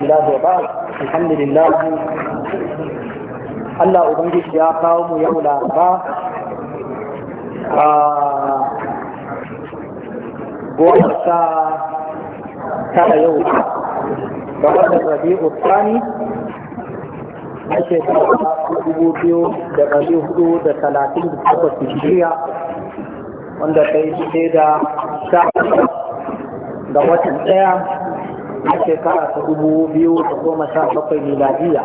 الله وبعد الحمد لله Allah Ubangiji ya kawo mu yau laraba a goma ta tara yau ga wannan rabi'u tsani na shekara dubu biyu da ɗari hudu da talatin da takwas hijiriya wanda ta yi da sha ga watan ɗaya na shekara ta dubu biyu da goma sha bakwai miladiya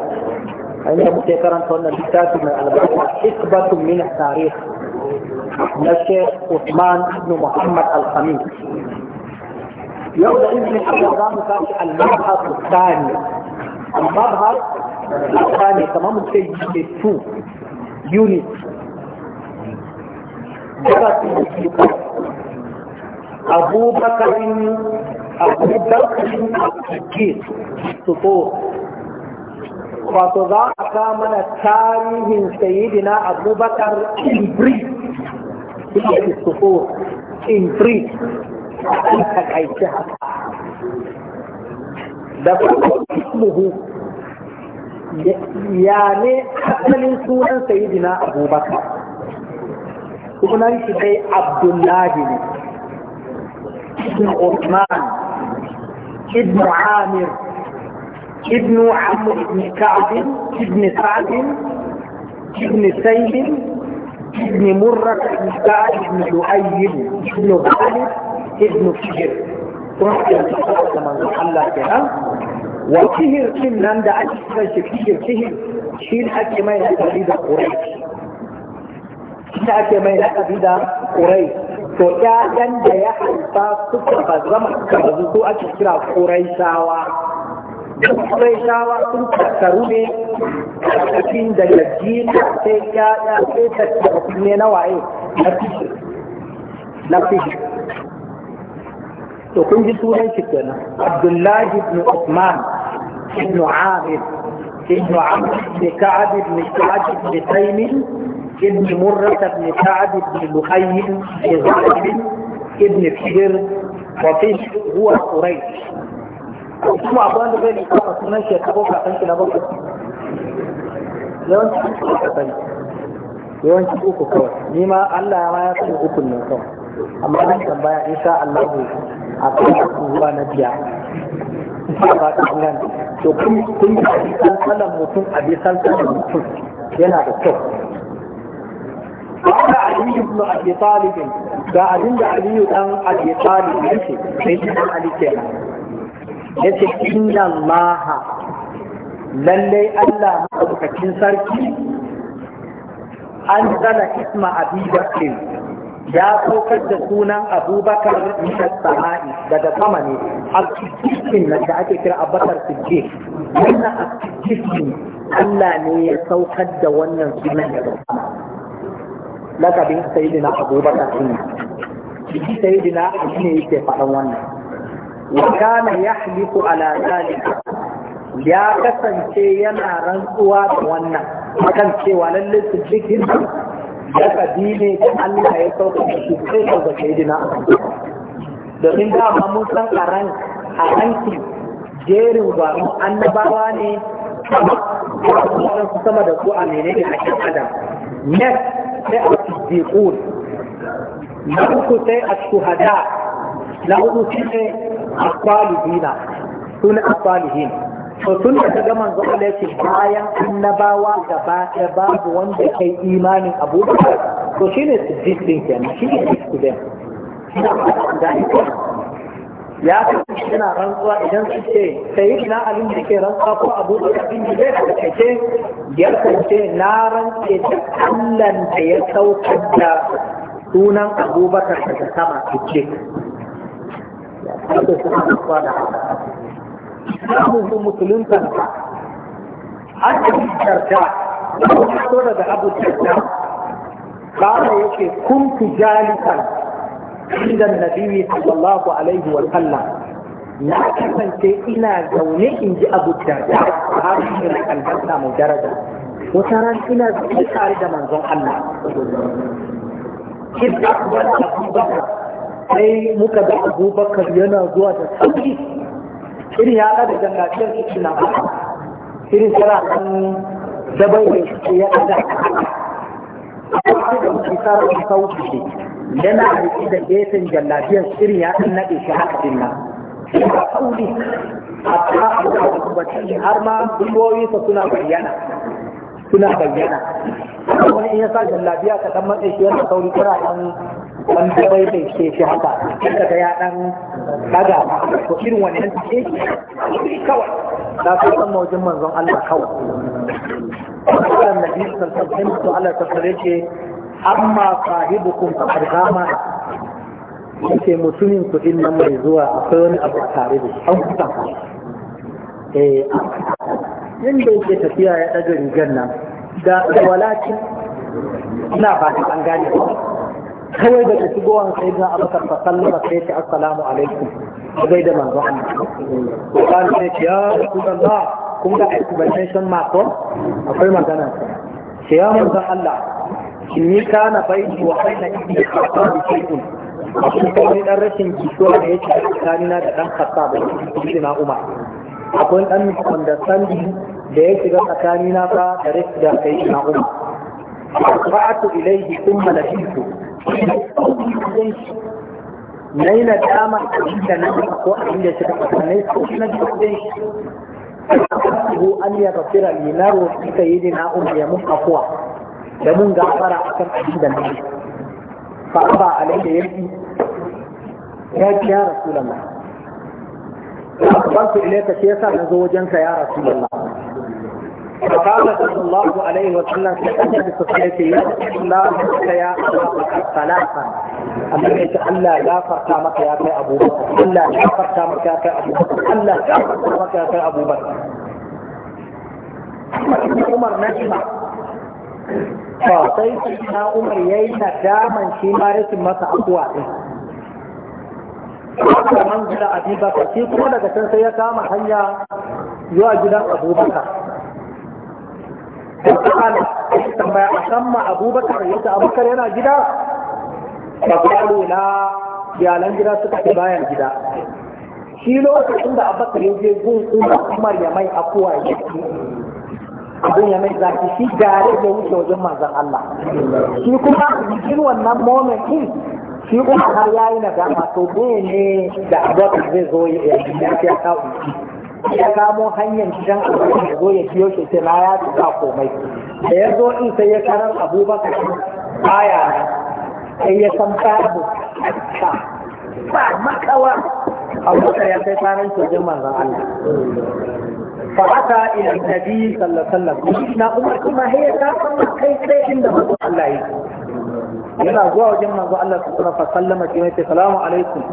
a inda muke karanta wannan littafi mai albarka ikbatun min tarih na Sheikh Usman ibn Muhammad Al-Khamis yau da izinin Allah za mu tashi al-mabhas tsani al-mabhas tsani kamar mu ce unit 2 unit daga Abu Bakarin akwai barkashin ke su so wato za a ka mana tarihin sayidina abubakar in brief ina su so in brief a kan takaici haka da farko ismuhu ya ne asalin sunan sayidina abubakar sunan shi dai abdullahi ne Osman. ابن عامر ابن عمرو بن كعب ابن سعد ابن سيد ابن مرة ابن سعد ابن لؤي ابن خالد ابن فجر وحيد من الله كلام وفهر كنان دا أكثر شفهر فهر شين أكي ما يلقى بيدا قريش شين أكي ما يلقى بيدا قريش to ƴaƴan da ya haifa suka bazama suka bazu su ake kira ƙuraishawa ƙuraishawa sun tattaru ne a cikin da yaji sai ƴaƴa sai tattaru ne na waye na fishi na fishi to kun ji sunan shi kenan abdullahi ibn usman ibn amir ibn amr ibn ka'ab ibn ka'ab ibn taymi ابن مرة بن سعد بن لؤي بن غالب ابن حجر وفيه هو قريش kuma akwai wanda zai kama sunan shi ya ko kakan shi na bakwai yawanci uku ka sani uku kawai ni ma Allah ya ma ya sani uku amma zan tambaya insha Allah a kan zuwa na biya ba ta nan to kun kun yi sallan mutum a bi sallan mutum yana da kyau Ga علي بن Aliyu ɗan قال علي بن ابي طالب يمشي سيدنا علي كان lallai Allah maɗaukakin sarki an tsala isma abubakar ya saukar da sunan abubakar mishar sama'i daga sama ne a da ake kira abubakar sujje wannan a Allah ne ya saukar da wannan sunan daga sama lakabin sayyidina abubakar din shi sayyidina shi ne yake faɗan wannan wa kana yahlifu ala zalika ya kasance yana rantsuwa da wannan akan cewa lalle su jikin da kabine da Allah ya sauka shi sai ka ga sayyidina domin dama mun san a ran a ranki jerin gwarin annabawa ne sama da su a menene a adam next sai a siddiqun na uku sai a shuhada na uku shi ne a kwalihina su ne a kwalihin to tun da ga manzo Allah yake bayan annabawa gaba ɗaya babu wanda kai imanin abubakar to shine siddiqin kenan shi ne student da ita ya kasance yana rantsuwa idan su ce sai ina abin da ke rantsuwa ko abu da abin da zai kasance ya ke na ranke da allan da ya saukar da sunan abubakar daga sama su ce da suna rantsuwa da musulunta an ta da daga abu da ba da yake kun fi inda nabi sallallahu alaihi wa sallam na kasance ina zaune in ji abu darda har shi ne albarka mu daraja wata ran ina zaune tare da manzon Allah kidda ban abubakar sai muka ga abubakar yana zuwa da sauri irin ya kada jannatiyar su na irin tara kan dabai da ya kada a kuma da yana rike da gefen jallabiyar irin ya ɗan naɗe shi haka din nan yana kauli a ta'abu da kubaci har ma duboyinsa suna bayyana suna bayyana wani in ya sa jallabiya ka ɗan matse shi yana kauli kira ɗan wani dabai bai ke shi haka inda ka ya ɗan ɗaga to irin wani yan ce kawai da su san mawajin manzon Allah kawai. Allah Nabi sanin alaihi Allah ala tafsir ke. amma sahibukum faqad gama yake mutumin kuɗin nan mai zuwa akwai wani abu tare da an kusa eh yanda yake tafiya ya ɗaga rigar nan da walakin ina ba ta an gane kawai daga an sai na abu karfa sallama sai ta assalamu alaikum zai da manzo Allah to kan ne ce ya rasulullah kun ga explanation ma mako? akwai magana ce ya manzo Allah shi kana baiti wa baina ibni a shay'un akwai wani dan rashin jituwa da yake tsakanina da dan khattab da na umar akwai dan misunderstanding da ya shiga tsakanina ba da rashin da kai na umar fa'atu ilayhi thumma lahitu na yi nadama a da na ko a da shi ka tsakanai ko na jikin shi ko an yi gafira ni na roƙi ka yi na umar ya mun afuwa da gafara a kan abin da nake fa ba alayhi ya yi ya ki ya rasulullah ba ba ku ile ka ce yasa na zo wajen ka ya rasulullah fa kana sallallahu alaihi wa sallam ka ce ki sai ki ya sallallahu ka ya salafa amma ya ce Allah ya farka maka ya kai abubakar Allah ya farka maka ya kai abubakar Allah ya farka maka ya kai abubakar ba sai na umar ya yi nadaman shi ma rashin masa abuwa ɗin haka man gida abubakar shi kuma daga can sai ya kama hanya zuwa gidan abubakar da ta'ala tambaya a kan ma abubakar ya ta abubakar yana gida ba kwalo na iyalan gida suka fi bayan gida shi lokacin da abubakar ya je gun umar ya mai akuwa ya abin ya mai zafi shi gare da wuce wajen manzon Allah shi kuma cikin wannan moment din shi kuma har yayi na dama to ne da abubakar zai zo ya yi ya kawo ya kamo hanyar gidan abubakar da zo ya biyo shi sai na ya tuka komai da ya zo in sai ya karar abubakar baya sai ya san babu ba makawa abubakar ya kai karar sojin manzon Allah فأتى إلى النبي صلى الله عليه وسلم إن عمر كما هي كافة كيف عند الله yana zuwa wajen manzo Allah su kuma fasallama ke mai salamu alaikum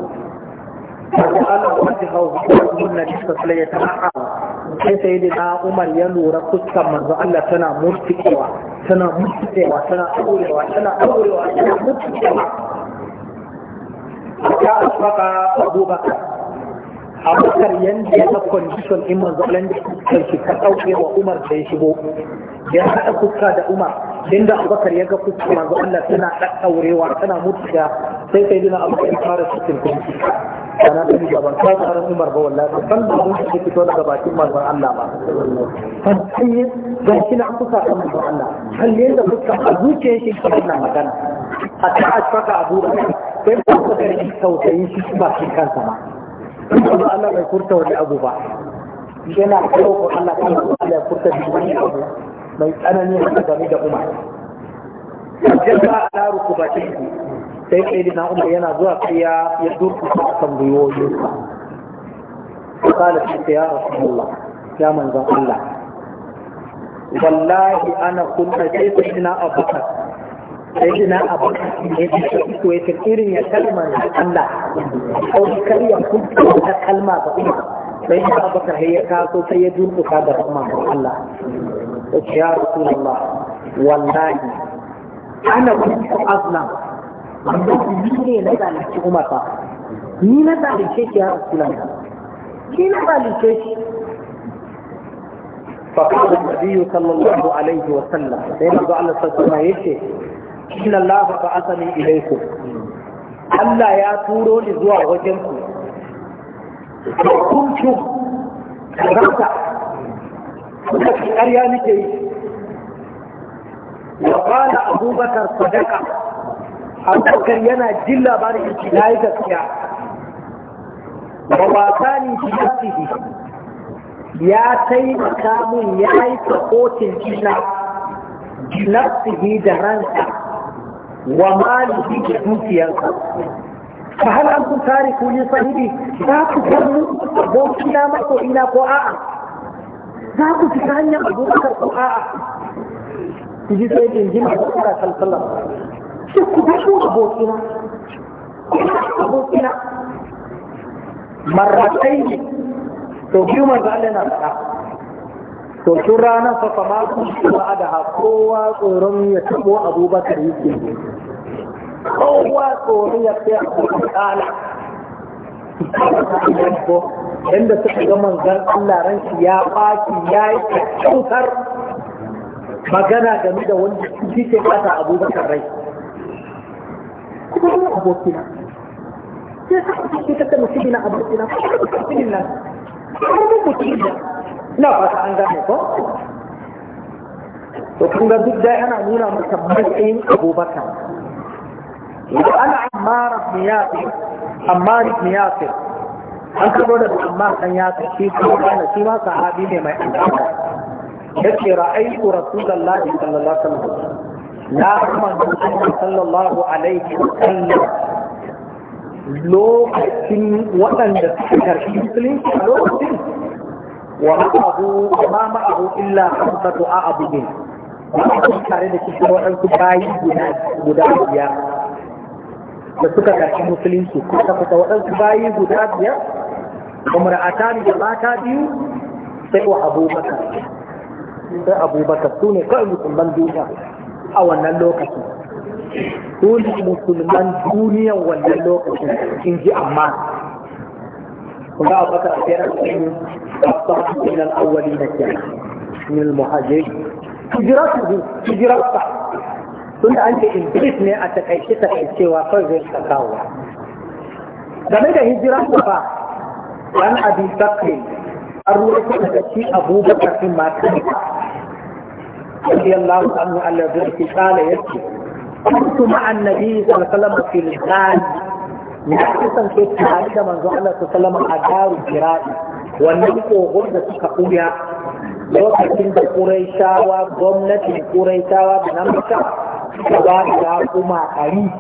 manzo Allah ya ce hawo mun na diska sai ya ta'a sai sai da na Umar ya lura fuskar manzo Allah tana murtikewa tana murtikewa tana aurewa tana aurewa tana murtikewa ya asbaka Abu abubakar yanda ya ɗauka condition in manzo Allah da kanki ka ɗauke wa Umar da ya shigo ya haɗa fuska da Umar inda abubakar ya ga fuska manzo Allah tana ɗaɗɗaurewa tana mutuwa sai sai dina abubakar fara cikin kunci ana tuni ban ta tsaron Umar ba wallahi ban da mun ke fito daga bakin manzo Allah ba san sai ga kina fuska da manzo Allah kalle da fuska a zuciyar shi kina magana A hatta a tsaka Abu Bakar sai ba ka tausayin shi ba shi kansa ba kuma Allah bai furta wani abu ba yana kawo Allah kan Allah ya furta wani abu mai tsanani a game da Umar A jalla ala ku sai sai dina Umar yana zuwa kai ya ya durku kan gwiwoyin sa qala sai ya rasulullah ya manzon Allah wallahi ana kunta sai sai dina Abubakar سيدنا أبو ويتر إيرن يا كلمة الله أو كريا كنت لها كلمة سيدنا أبو بكر هي كاتو سيدون أخاد الرحمن الله يا رسول الله والله أنا كنت أظلم من فقال النبي صلى الله عليه وسلم بين الله عليه وسلم inna Allah ba asani ilaiku Allah ya turo ni zuwa wajen ku kuntum karanta kuka ci ƙarya nake yi Ya qala abubakar sadaqa abubakar yana jin labarin yake yayi gaskiya wa wasani bi nafsihi ya taimaka mun ya yi sakotin ina nafsihi da ranta. wa malihi da dukiyanka fa hal an kun tare ku ne sahibi za ku kallu abokina mako ina ko a'a za ku fi hanyar abubakar ko a'a ku ji sai in jima da kara sallallahu sai ku ga ku abokina abokina ne. to biyu manzo Allah na faɗa to tun ranar fa fa masu ba da kowa tsoron ya tabo abubakar yake kowa tsoron ya fi abubakar inda suka ga manzan Allah ran shi ya baki ya yi cutar magana game da wanda shi ke kasa abubakar rai kuma abokina sai ta abokina kuma ina fata an gane ko to kun ga duk dai ana nuna maka matsayin abubakar idan ana ammar ibn yasir amma ibn yasir an karo da ammar dan yasir shi ko kana shi ma sahabi ne mai albarka yace ra'aytu rasulullahi sallallahu alaihi wasallam na kuma sallallahu alaihi wasallam lokacin waɗanda suka karɓi musulunci a lokacin ومعه وما معه إلا خمسة kuma tare da cikin waɗansu bayi guda biyar da suka karɓi musulunci ta kusa waɗansu bayi guda biyar umar atani da mata biyu sai wa abubakar sai abubakar su ne kawai musulman duniya a wannan lokaci su ne musulman duniyan wannan lokacin in ji amma kuma abubakar a tsere الصحابة من الأولين كان من المهاجرين هجرته هجرة الصحابة tun da an ce in brief ne a takaice takaicewa kawai zai ka kawo game da hijira da ba an abi bakri an ruwaito daga shi abubakar din ma ta radiyallahu anhu Allah da shi kala yake kuntu ma annabi sallallahu alaihi wasallam fil ghal ni kasance tare da manzo Allah sallallahu alaihi wasallam a garu jira'i wannan kogon da suka ɓuya lokacin da ƙuraishawa gwamnatin ƙuraishawa da nan maka suka ba da kuma ɗari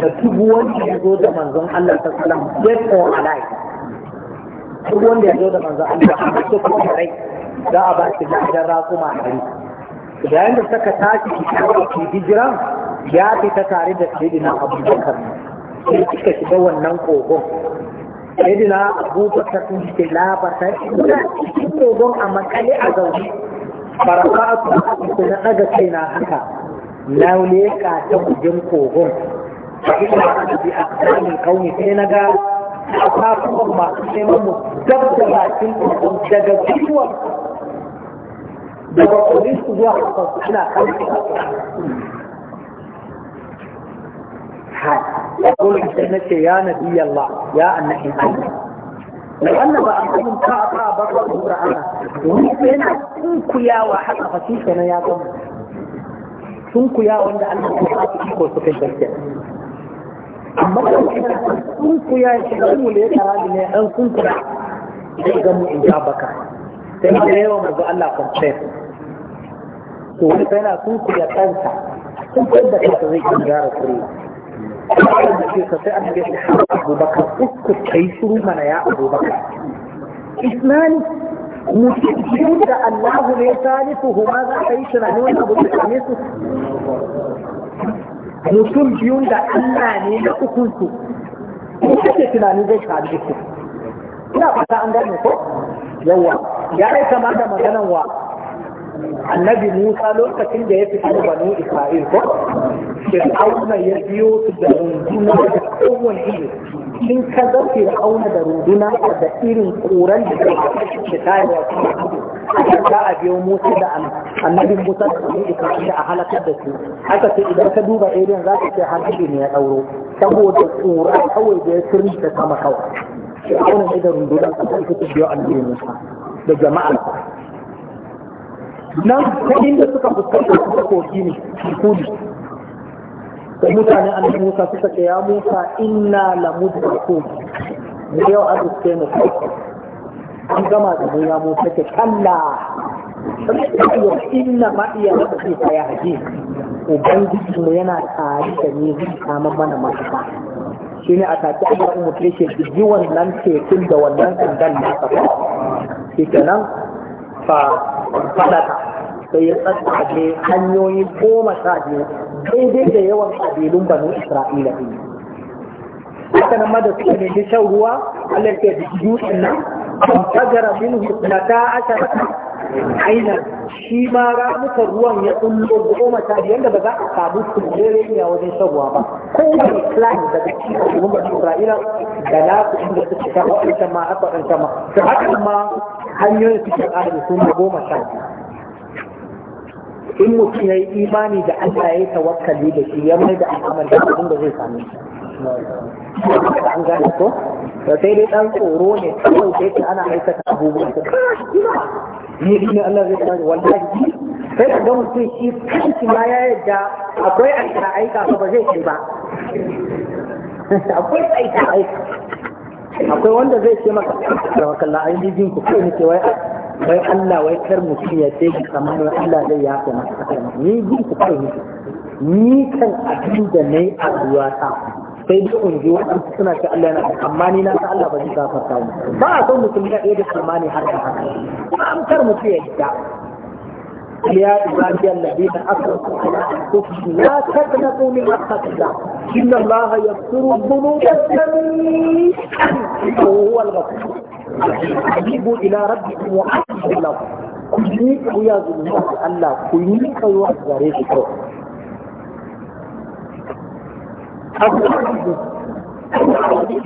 da tubu wanda ya zo da manzon Allah ta salam dead or alive duk wanda ya zo da manzon Allah ta su kuma rai za a ba shi da idan raƙuma ɗari yayin da suka tashi ki hijira ya fita tare da sayyidina Abu Bakar sai suka shiga wannan kogon sayyidina abubakar sun ce labatar suna cikin dogon a makale a zaune farafa a su na daga na haka laule ka ta kujin kogon ina da bi a kanin kauni sai na ga kafafuwan masu sai mamu dab da bakin kogon daga ciwon daga su zuwa su suna kan hal yaqulu sai nace ya nabi Allah ya annabi Allah la anna ba an ta ta ba ba dura ana na kunkuyawa haka fasika na ya gama sunkuya wanda Allah ya sa shi ko suka gaskiya amma da sunkuya shi mu ne kara ne an sunkuya sai ga in baka sai da yawa manzo Allah complain to wani sai na sunkuya kansa sun da kansa zai gyara kure da ke sai annabi ya abubakar uku kai shuru mana ya abubakar isnani mutum da Allahu ne salisu huma za ka yi tunani wani abu da kame su mutum biyun da Allah ne na ukunsu ko kake tunani zai da su ina fata an gane ko yawa ya aika ma da maganan wa annabi Musa lokacin da ya fita da banu Isra'il ko auna ya biyo su da runduna da kowane iri in ka ga ke auna da runduna da irin koran da ke da tare da su za a biyo Musa da annabi Musa da banu Isra'il a halakar da su haka ce idan ka duba irin za ka ce hankali ne ya dauro saboda tsoron kawai da ya sirri da sama kawai Fir'auna ne da runduna da ta biyo annabi Musa da jama'a nan ta inda suka fuskanta suka kogi ne kudi da mutane an musa suka ce ya musa inna la mudrakun mu yau an rufe mu an gama da mu ya musa ce kalla inna ma iya na tafi ta haji ubangiji mu yana tare da ni zai kama mana mafita shi ne a take an yi mutum shi ji wannan tekun da wannan sandan na kafa shi kenan falaka sai ya tsatsage hanyoyi goma sha biyu daidai da yawan kabilun banu isra'ila ɗin haka nan ma da suka nemi shan ruwa allah ke da dutsen nan an tagara min hukunata aka aina shi ma ramuka ruwan ya kullo goma sha biyu yadda ba za a samu kujerere ne a wajen shan ruwa ba ko wani islam daga cikin al'ummar isra'ila da na su inda suka kawo a ma a ɗan sama to haka ma hanyoyin suke ƙari sun goma sha in mutum ya yi imani da Allah ya yi tawakkali da shi ya mai da al'amar da abin da zai sami shi an gane ko da sai dai dan tsoro ne kawai da yake ana aikata abubuwan da ne ne Allah zai tsare wallahi sai ka ga mutum shi kanki ma ya yadda akwai aika aika ba zai kai ba akwai aika aika akwai wanda zai ce maka da wakalla ai jijin ku kai nake wai wai Allah wai kar mu ya ce kamar Allah zai ya ce maka ni jin ku kai nake ni kan abin da nayi a ta. sai dai in ji wani suna ce Allah yana amma ni na san Allah ba zai gafarta mu ba a son mutum ya da tsammani har da haka ba an kar mu ya da يا عبادي الذين اسرفوا على لا تقنطوا من رحمه الله ان الله يغفر الذنوب جميعا هو الغفور اجيبوا الى ربكم واحسنوا الله كليك يا ذنوب الله كليك وحذريك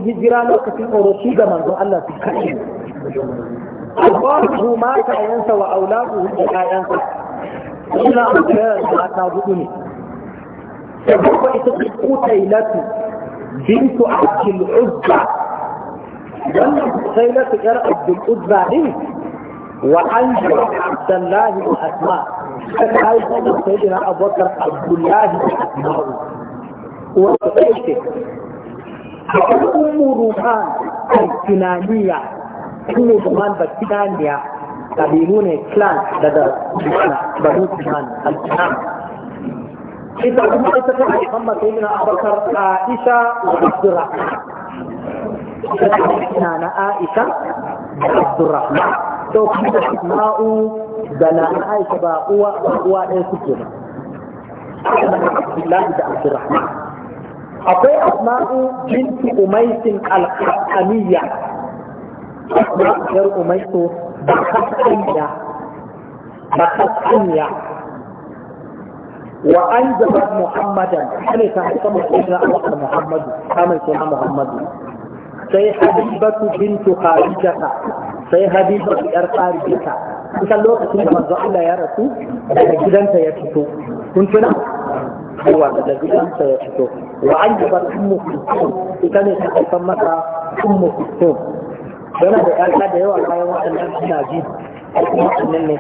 hijira lokacin ƙoroshi ga manzon Allah su kaɗi أخواته مات ينسى وأولاده لا ينسى إلا أن كانت نابضني فهو قتيلة بنت عبد العزة لما قتيلة غير عبد العزة دي وأنجب عبد الله الأسماء فكان سيدنا أبو بكر عبد الله الأسماء وقتيلته أم رومان الكنانية ummu duman bakidaniya kabilu ne clan daga banu sunan al-sunan ita kuma ita ta kai amma sai na abakar aisha wa abdurrahman ita na aisha da abdurrahman to kuma ma'u da na aisha ba uwa uwa ɗaya suke ba Abdullahi da Abdurrahman akwai asma'u binti umaisin al-qasamiyya jar'u mai so bakasanya bakasanya wa an zaba muhammadan kane ta haka mutum na muhammadu kamar suna muhammadu sai habibatu bintu kharijata sai habibatu yar kharijata kusan lokacin da manzo Allah ya rasu daga gidanta ya fito kun tuna yawa daga gidanta ya fito wa an jaba ummu kulsum ita ne ta haifar masa ummu kulsum yana da ƴaƴa da yawa kayan waɗannan suna ji waɗannan ne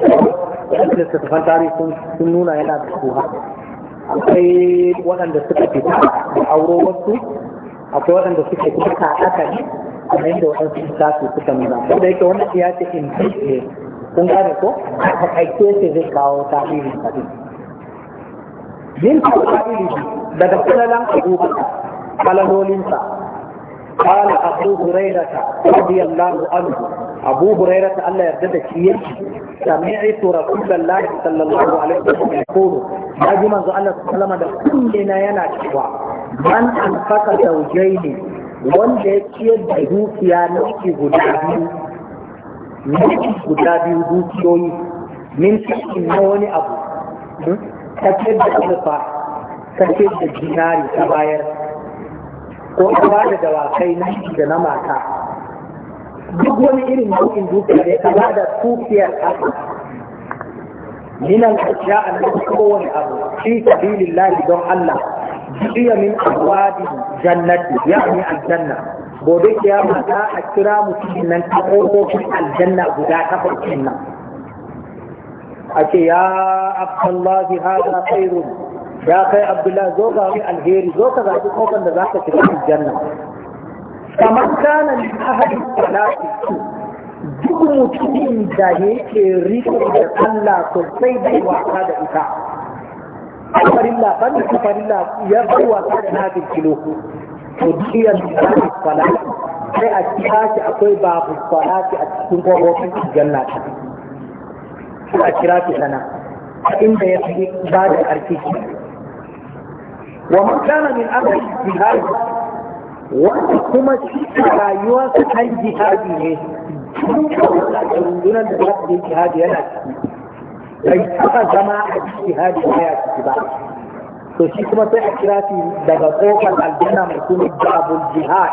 waɗanda littattafan tarihi sun nuna yana da tsoha akwai waɗanda suka fita da auro wasu akwai waɗanda suke a kaɗaka A kamar yadda waɗansu tasu suka nuna ko da yake wani iya ce in ne kun gane ko a takaice ce zai kawo tarihin hadin yin tarihi daga falalan abubuwa kalalolinsa قال أبو هريرة رضي الله عنه أبو هريرة ألا يردد شيء سمعت رسول الله صلى الله عليه وسلم يقول أجي من ذو الله صلى الله عليه وسلم كلنا ينشوى من أنفق زوجين wanda ya ciyar da dukiya nake guda biyu nake guda biyu dukiyoyi min cikin na wani abu ka ciyar da azurfa ka ciyar da dinari ta bayar ko kuma da dawakai na da na mata duk wani irin nau'in dukiya da ya ba da dukiyar haka minan ashiya an da kowane abu fi sabilillahi don Allah jiya min abwadi jannati yani aljanna gobe ya mata a kira mutum nan ta ƙofofin aljanna guda ta farkin nan a ya abdullahi hada khairun ya kai abdullah zo ga wani alheri zo ka zaɓi kofar da za ka shiga aljanna kamar kana min ahadi salati duk mutumin da yake riƙe da sallah sosai bai wasa da ita farilla ban da farilla ya bai wasa da nafil kilo to diyar babu salati sai a cika shi akwai babu salati a cikin kofofin aljanna ta a kira shi sana inda ya fi ba da ƙarfi ومن كان من أمر الجهاد wanda kuma cikin rayuwa su kan jihadi ne rundunar da za su yi jihadi yana ciki bai taɓa zama a cikin jihadi ba ya ciki ba to shi kuma sai a kira shi daga kofar aljanna mai suna babul jihad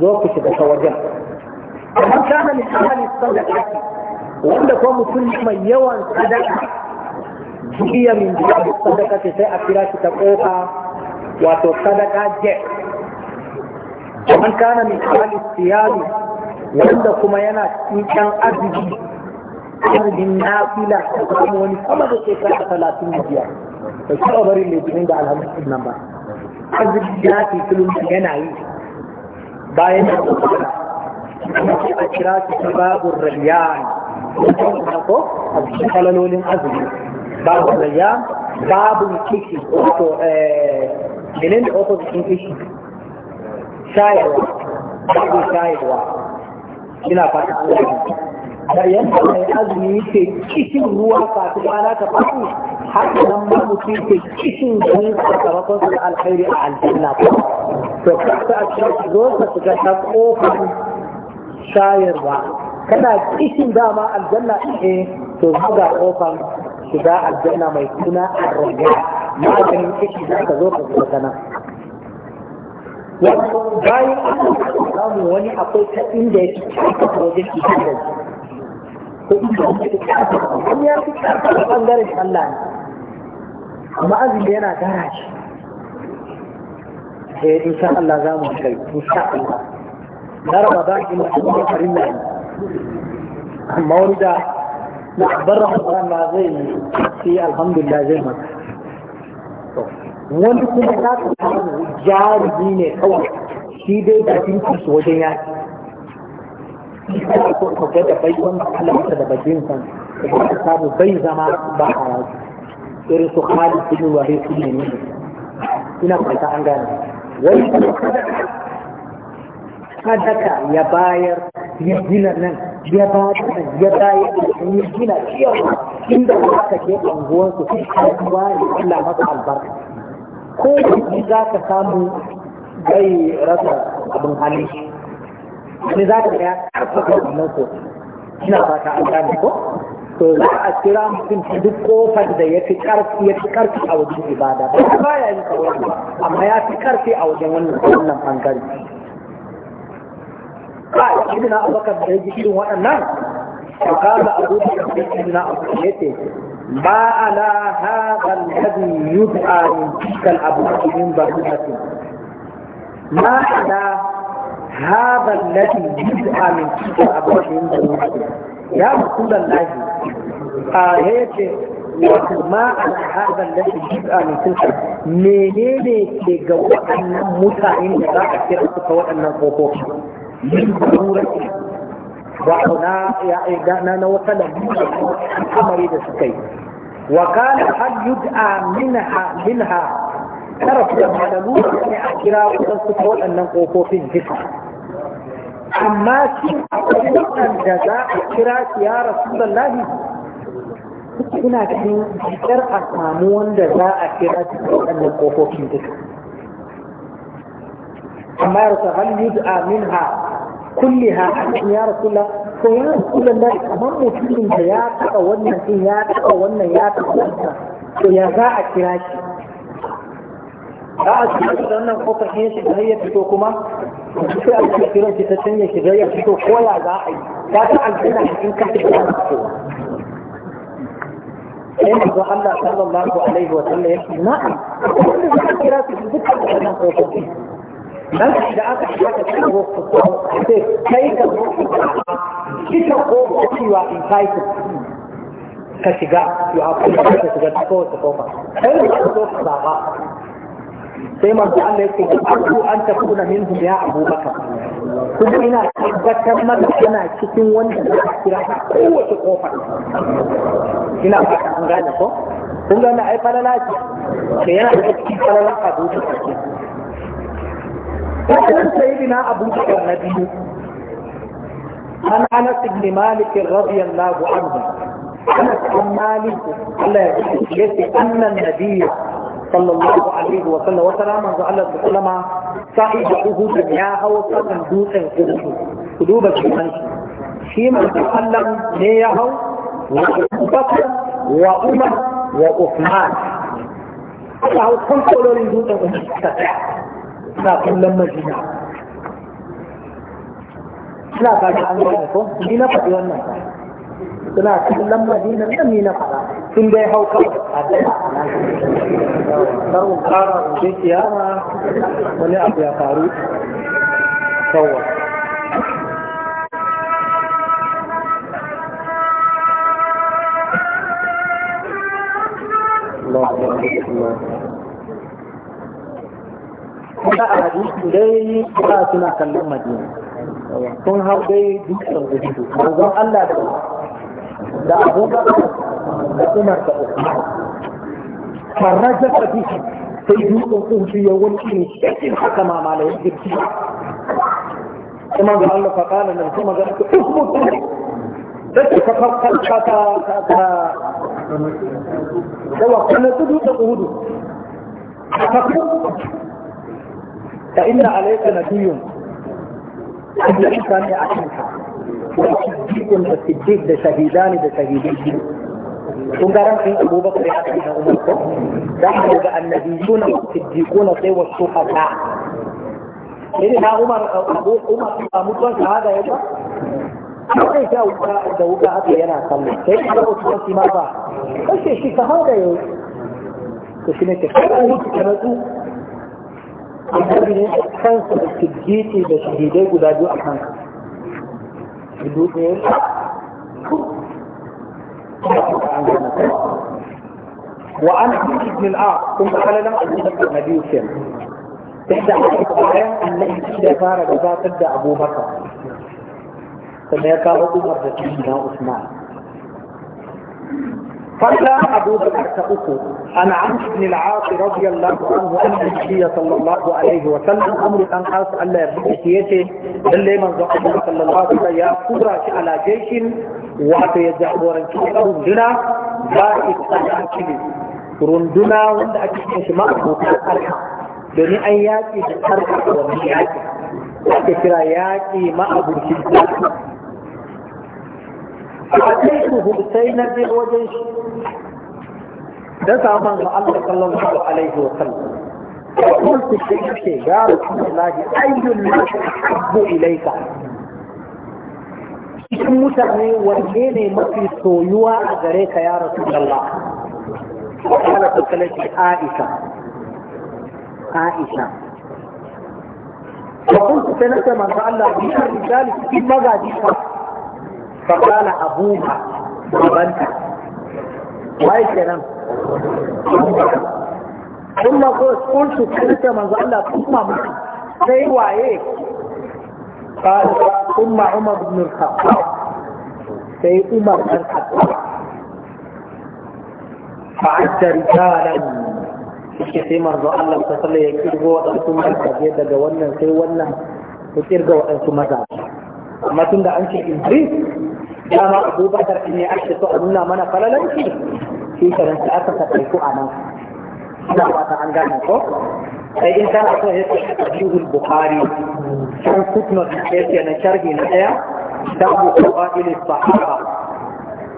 zo ku shiga ta wajen amma kana misali sadaka wanda ko mutum mai yawan sadaka jiya min jihadi sadaka sai a kira shi ta kofa wato sadaka jet man kana min ahli siyami wanda kuma yana cikin arziki arzikin nafila da kuma wani sama da shekara talatin da biyar da shi a bari barin litinin da alhamdulillah nan ba arziki ya ce filin yana yi bayan da kuma a kira shi ta babu rayyan ko a cikin kalalolin arziki babu rayyan babu kiki wato eh, menene da opposite din ishi shayarwa babu shayarwa ina fata an da yanda mai azumi yake kishin ruwa kafin rana ta faɗi har nan ma mutum yake kishin gani sakamakon su da alkhairi a aljanna to kasa a cikin zo ka shiga ta kofar shayarwa kana kishin dama aljanna eh to buga kofar shiga aljanna mai suna arraja maganin ciki za ka zo ka zuwa kana wato bayan an samu wani akwai ta inda ya ci cikin wajen cikin da shi ko inda ya ci cikin ya ci cikin bangaren Allah ne amma azumi yana gara shi eh insha Allah za mu kai insha Allah na Ramadan ina cikin farin nan amma wani da na bar ramadan ma zai fi alhamdulillah zai maka wani kuma za ka samu jarumi ne kawai shi dai da dinkin su wajen yaki ko ka gwada bai wani da bakin san da ka samu bai zama ba a yaki irin su khalid bin ne ne ina fata an gane wani ya bayar ya nan ya ba ya ya da yi gina ciyarwa inda ba ka ke unguwarsu su kasuwa ne illa masa albarka ko kuɗi za ka samu bai rasa abin hali ne za ka ya karfafa wannan so ina fata an gane ko to za a kira mutum ta duk kofar da ya fi karfi ya fi karfi a wajen ibada ba ya yi kawai amma ya fi karfi a wajen wannan wannan bangare kai ibn abubakar da irin waɗannan abu ibn abubakar yace ala hadha alladhi yud'a min tilka al min bahimati ma ala hadha alladhi yud'a min tilka min ya a yace wato ma al'adar da su jiɗa mai sulta menene ke ga waɗannan mutanen da za a kira waɗannan ƙofofi min darurati wato na ya na na wata lamura kamar da suka yi wa kana hal yud'a minha minha taraf da malalura ne a kira wajen su waɗannan ƙofofin jika amma shi akwai waɗanda za a kira su ya rasu da ina cikin jikar a samu za a kira su waɗannan ƙofofin jika amma ya rasu hal yud'a minha kulliha ya rasulullah to ya rasu da rasulullah kamar mutumin da ya taɓa wannan din ya taɓa wannan ya taɓa wannan to ya za a kira shi za a kira shi wannan kofar ne shi har ya fito kuma sai a kira kiran shi ta canja shi ya fito ko ya za a yi ta ta aljanna cikin kafin da ta fito sai na manzo Allah sallallahu alaihi wa sallam ya ce na'am wanda za a kira su dukkan wannan kofofin nan da aka shiga ta cikin hospital sai kai ka zo kika ko ciwa in kai ka shiga to a kuma ka shiga ta kowace kofa sai da ka zo ka zaba sai manzo Allah yake ku an ta kuna minhum ya abubakar kuma ina tabbatar maka yana cikin wanda za kira wace kofa ina fata an gane ko kun ga na ai falala ce yana da cikin falala abu ta وكان سيدنا أبو بكر نبي عن أنس بن مالك رضي الله عنه أنس بن مالك الذي أن النبي صلى الله عليه وسلم وسلم من زعل السلام صاحب أهود مياه هوسا دوس قدوس قدوب الشمس شيما تتكلم ليه هو وأبو وعمر وعثمان أو كنت أقول لهم دوس suna kallon madina suna kaji an gaba ko ni na faɗi wannan ba suna kallon madina nan ni na faɗa sun dai hau kawai a daya kar mu kara ke yara wani abu ya faru kawai Allah Allah ga a hadisi dai ba suna kallon madina sun hau dai dukkan gudu manzon Allah da da abubakar da umar ta usman farraja ka bi sai dukkan kudu ya wuce ne shekin haka ma malayin jirgi kuma ga Allah fa kana nan kuma ga ku mutu sai ka fakkan ka ta ta da wa kana tudu da kudu ka fakkan فإن عليك نبي عند الإسلام عشانك وصديق وصديق ده شهيدان ده شهيدين تنقرن في أبو بكر يعطينا أمك دعوا بأن نبيون وصديقون سوى الصحفاء إذا إيه عمر أبو عمر في مطلع هذا يبقى أي جاء وجاء وجاء هذا أنا أصلي كيف جاءوا تبقى إيه في مرضى أي شيء هذا يبقى وشنة كيف أنا أصلي amfani ne a kansa da siddiƙi da shahidai guda biyu a kansa. Ibu ɗaya ne? Wa an haƙi ibn al’a kala nan aji da na biyu fiyan. Tunda a cikin bayan Allah ya ci da fara da zafar da abubakar. Sannan ya kawo umar da cikin na Usman. صلى أبو بكر تأكل عن عمرو بن العاص رضي الله عنه أن النبي صلى الله عليه وسلم أمر أن عاص ألا يبدو سيته بل من الله صلى الله عليه وسلم يقدر على جيش وأتى يجعبور لهم دنا بائس الأكل رندنا وند أكل شماء مكان domin an yaƙi da harkar wani yaƙi ake kira yaƙi ma'abucin فأتيته سينا بوجه دفع من الله صلى الله عليه وسلم وقلت سيدك يا رسول الله أي الناس أحب إليك cikin mutane wanne ne mafi soyuwa a gare ka ya rasu Allah kala ta kalaki Aisha Aisha wa kun ta nake Allah bi cikin fa fakala a babanta waye kenan kuma ko kuntu kunta manzo Allah kuma mutum sai waye قال ثم عمر بن الخطاب سي عمر بن الخطاب فعد رجالا shi sai manzo Allah ta sallah ya kirgo waɗansu mazaje daga wannan sai wannan ya kirga waɗansu mazaje amma tun da an ce Idris dama abubakar ne ake so a nuna mana falalanci shi kenan sai aka tattaiku a nan ina fata an gane ko sai in kana so ya ce sahihul bukhari san footnote ya ce na sharhi na daya dabu qawail sahaba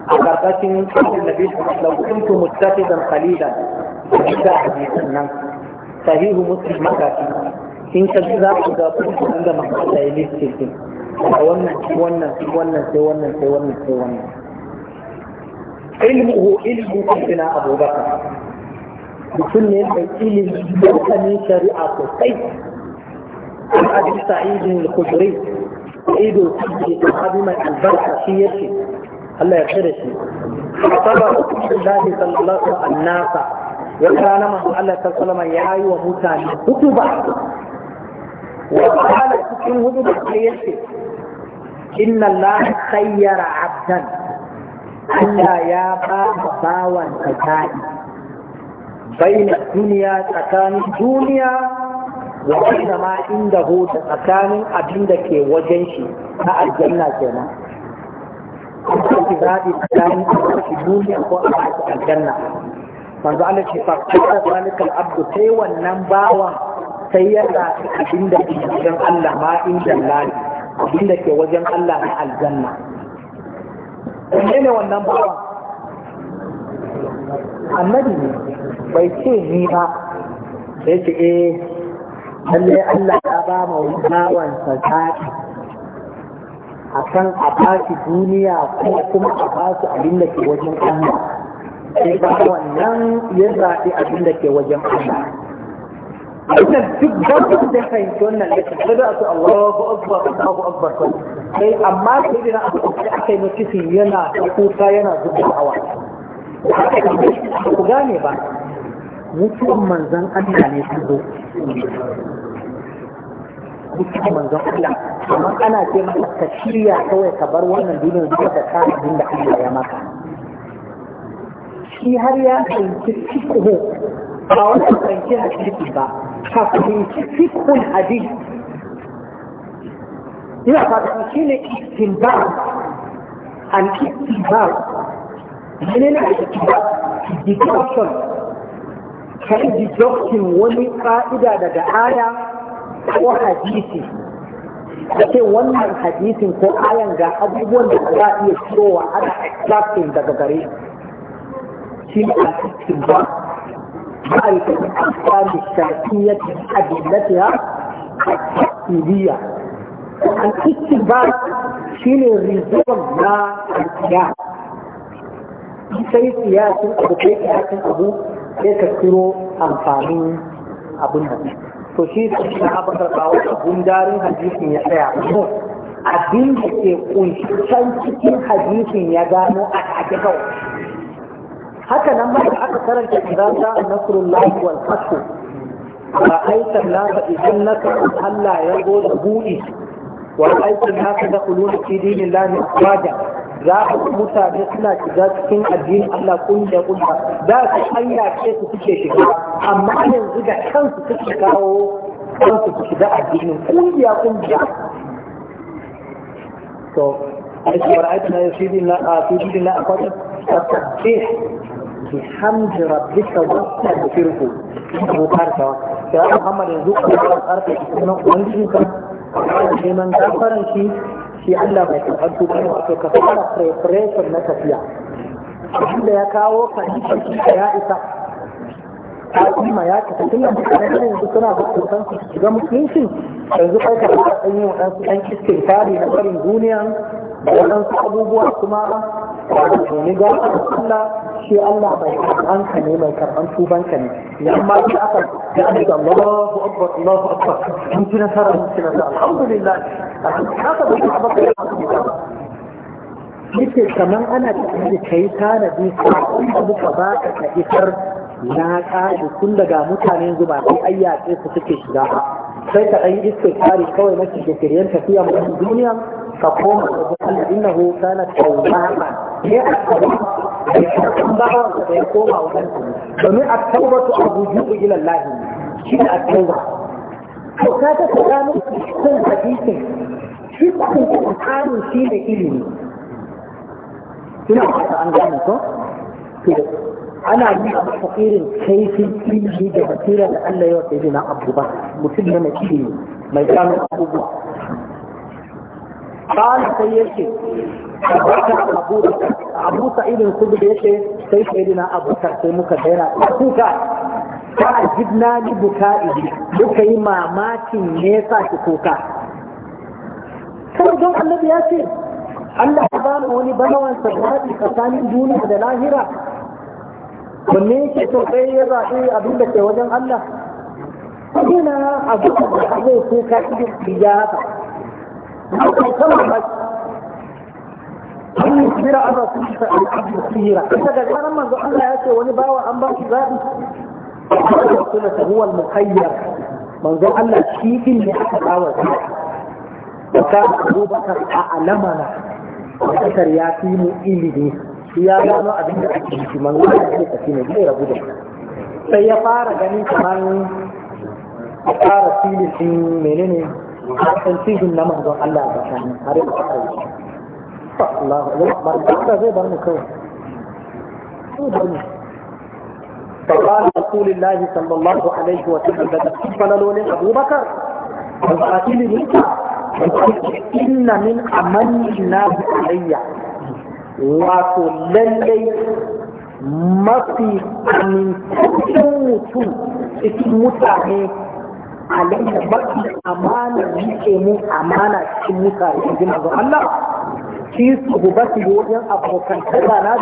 a karkashin kafin nabi sallallahu alaihi wasallam muttaqidan khalilan da hadisin nan sahihu muslim makashi in ka za ku ga kuɗin da mahaɗa ya listin din a wannan wannan wannan sai wannan sai wannan sai wannan ilmuhu ilmu kuɗina abubakar mutum ne mai ilimi dukkanin shari'a sosai an abin sa'idin al-kudri ido suke da abin mai albarka shi yake Allah ya kare shi saba Allah sallallahu alaihi wa sallam annasa wata rana manzo Allah sallallahu alaihi wa sallam ya yi wa mutane hutuba وقال cikin hudu da ke yace inna Allah khayyara abdan Allah ya ba bawan ka ta'i baina duniya tsakanin duniya wa inda ma inda hu da tsakanin abin ke wajen shi na aljanna kenan an ci zaɓi tsakanin duniya ko a aljanna manzo Allah ce fa kada zalikal abdu sai wannan bawan sai yana abin da ke wajen Allah ma inda lani abin ke wajen Allah na aljanna wanne ne wannan bawan annabi ne bai ce ni ba sai ce eh lalle Allah ya ba ma bawansa zaɓi a kan a bashi duniya ko kuma a basu abin da ke wajen Allah sai ba wannan ya zaɓi abin da ke wajen Allah wannan duk gwamnati da fahimci wannan laifin sai da su ku Akbar Allahu Akbar sai amma sai da aka aka yi kisi yana kuka yana zuba hawa ku gane ba mutuwan manzon Allah ne su zo mutuwan manzon Allah amma ana ce maka ka shirya kawai ka bar wannan duniyar zuwa da ka abin da Allah ya maka shi har ya fahimci fiqh ba wannan fahimci cikin ba fahimci cikin hadis ina fahimci shi ne ba an ba ne na istinbar deduction kai deduction wani ka'ida daga aya ko hadisi da ke wannan hadisin ko ayan ga abubuwan da za a iya cirowa ana extracting daga gare shi ne a cikin ba ma'aikata afghani shafiyyar adillatiya التقليدية الاستنباط شيل الرزق مع القياس sai siyasin abu kai siyasin abu sai ka kiro amfanin abun nan to shi na abakar ba wata gundarin hadisin ya tsaya ko abin da ke cikin hadisin ya gano a take haka nan ba aka karanta idan sa nasrullahi wal fath ba aita nasa idan naka Allah ya go da buɗi wa aita nasa da kulun fi dinillahi afwaja za a mutane suna shiga cikin addinin Allah kungiya kungiya za su hanya ce su suke shiga amma yanzu da kansu suke kawo kansu su shiga addinin kungiya kungiya to aiki wa ra'aytuna yusidina fi dinillahi afwaja tasbih بحمد ربك wastaghfirhu Abu Harsa ya Muhammad yanzu ka fara karfe sunan ubangiji ka ka neman gafaran shi shi Allah mai karɓar tuba ne wato ka na tafiya ya kawo ka ya isa al'umma ya ka tafiya suna da kusan su musulunci yanzu kai ka fara waɗansu duniya da abubuwa kuma domin ga Allah shi Allah bai karɓan ka ne mai karɓan tuban ka ne idan ma shi aka da an da Allahu akbar Allahu akbar mun ci nasara mun ci nasara alhamdulillah haka ba ka baka yake kaman ana cikin da kai tanadi ka buka ba ka ka isar na ƙari tun daga mutane zuba sai ayyace su suke shiga sai ka ɗan iske kare kawai na cikin tafiya mutum duniya فقوم إنه كان توباما هي التوبة يقوم ومن التوبة الرجوع إلى الله هي التوبة وكاد كلام كل حديث في القرآن في إلمي ina fata an gane ko ana yi a masa irin kaifin ilimi da basira da Allah ya wa sayyidina Abu ba mutum ne mai ilimi mai gano abubuwa قال سيدي أبوك أبو أبو سعيد الخدري يشي سيدنا أبو سعيد مكدينا أبوك ta jibna ni buka'i muka yi mamakin me yasa ki kuka kawai don annabi ya ce Allah ya ba mu wani balawan sabati tsakanin duniya da lahira wanne yake so sai ya zaɓi abin da ke wajen Allah Ina abu da zai kuka ido ya أو كما an yi kira ana sun shi a abu sihira ita ga ganin manzo Allah ya ce wani bawa an ba shi zabi kuma ta huwa al-muhayyar manzo Allah shi din ne aka bawa shi da ka Abubakar a alamana Abubakar ya fi mu ilimi shi ya gano abin da ake yi manzo Allah ya ce sai ya fara ganin kaman a fara menene فقال رسول الله صلى الله عليه وسلم بدأ سبنا أبو بكر وقاتل لك إن من أمن الناس علي واتو للي مصير من تموتو اسموتا هيك alaina baki amana yake mun amana cikin mutane a ji manzon Allah shi su ba da wajen abokan kaza na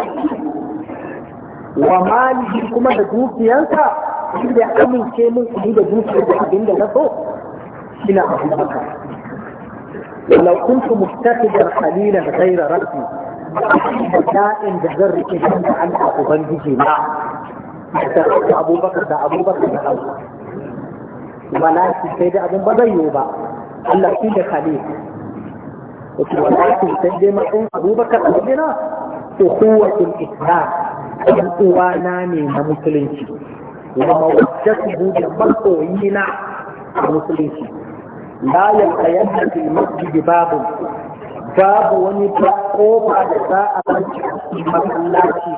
wa malihi kuma da dukiyarsa shi da amince mun kuɗi da dukiyar da abin da na so ina abubakar lau kuntu muftaqidan qalilan ghayra rabbi da'in da zan rike shi da Allah ubangiji na da abubakar da abubakar da Allah walakin sai dai abin ba zai yiwu ba Allah shi da khalil wato walakin sai dai matsayin abubakar a gina ukhuwatul islam dan uwana ne na musulunci wa mawajjatuhu da masoyina a musulunci la yalqayanna fil masjid babun babu Babu wani kofa da za a banci a cikin masallaci